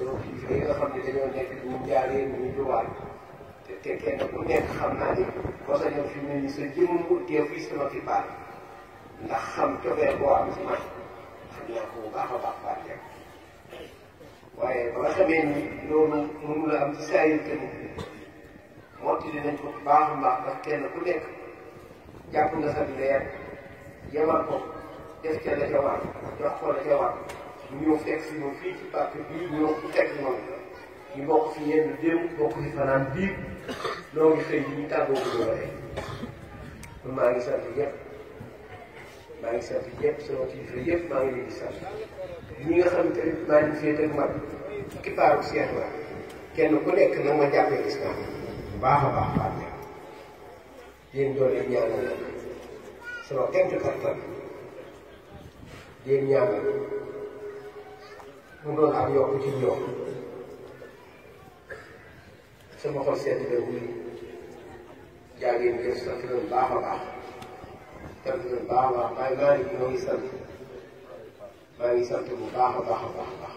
sunu kilifa yi nga xam ne dañoo nekk ñu jaaree ñu jubaay te te kenn ku nekk xam naa ni boo sa ñëw fi mu ne nii sa jëmm teew fii sama fi baal ndax xam cofee boo am si man xam naa ko bu baax a baax baal waaye ba nga ni loolu mënu la am ci saa yu kenn mottali nañ ko bu baax a baax ndax kenn ku nekk jàpp nga sa leer yemal ko def ca la ca war jox ko la ca war ñu ñëw fekk si ñoom fii ci parti bii ñu ñëw fekk si ñoom ñu bokk si yenn démb bokk si fanaan biir noo ngi xëy di ñu tàggoo ko doole man maa ngi sant ñëpp maa ngi sant ñëpp sama kilifa yëpp maa ngi leen di sant ñi nga xam te maa ngi féete ak man ki paaru seex la kenn ku nekk na ma jàppee gis naa baax a baax baax na yéen doon leen ñaanal sama kenn kattan yéen ñaanal mu doon ak yokk ci yokk sama xol sedd na wuy jaa ngeen jëf sant leen baax a baax sant leen baax a baax waaye maa ngi ngi sant maa ngi sant bu baax a baax a baax baax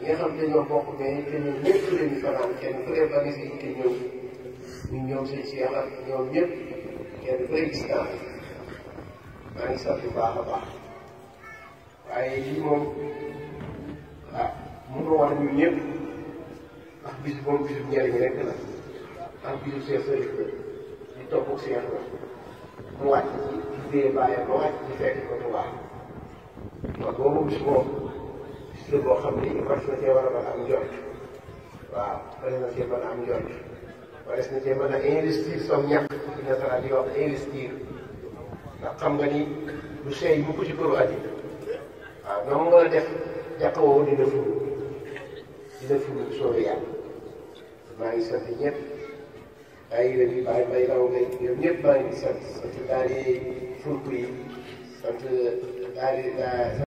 ñi nga xam dañoo bokk mais dañoo ñëpp dañu fanaan ku ne ba nga si te ñëw ñu ñëw si si yàlla ñoom ñëpp kenn ku ne gis naa maa ngi sant bu baax a baax moom war ñun ñëpp ndax bis boobu bisu njëriñ rek la ndax bisu seen sëriñ la ñu topp ak seen la mu wàcc ci dee bàyyi ba wàcc ci fekk ko mu baax boobu bis boobu bis la boo xam ne war na cee war a am njort waaw war na cee mën a am njort war na cee mën a investir som ndax xam nga ni lu seey mu ko ci kër at waaw ñoom nga def jàkka woo dina furu dina fi bu soobee yàlla maa ngi sant ñëpp maa ngi leen di bay raw ngay ñoom ñëpp maa ngi sant sant daal di fulku yi sant daal di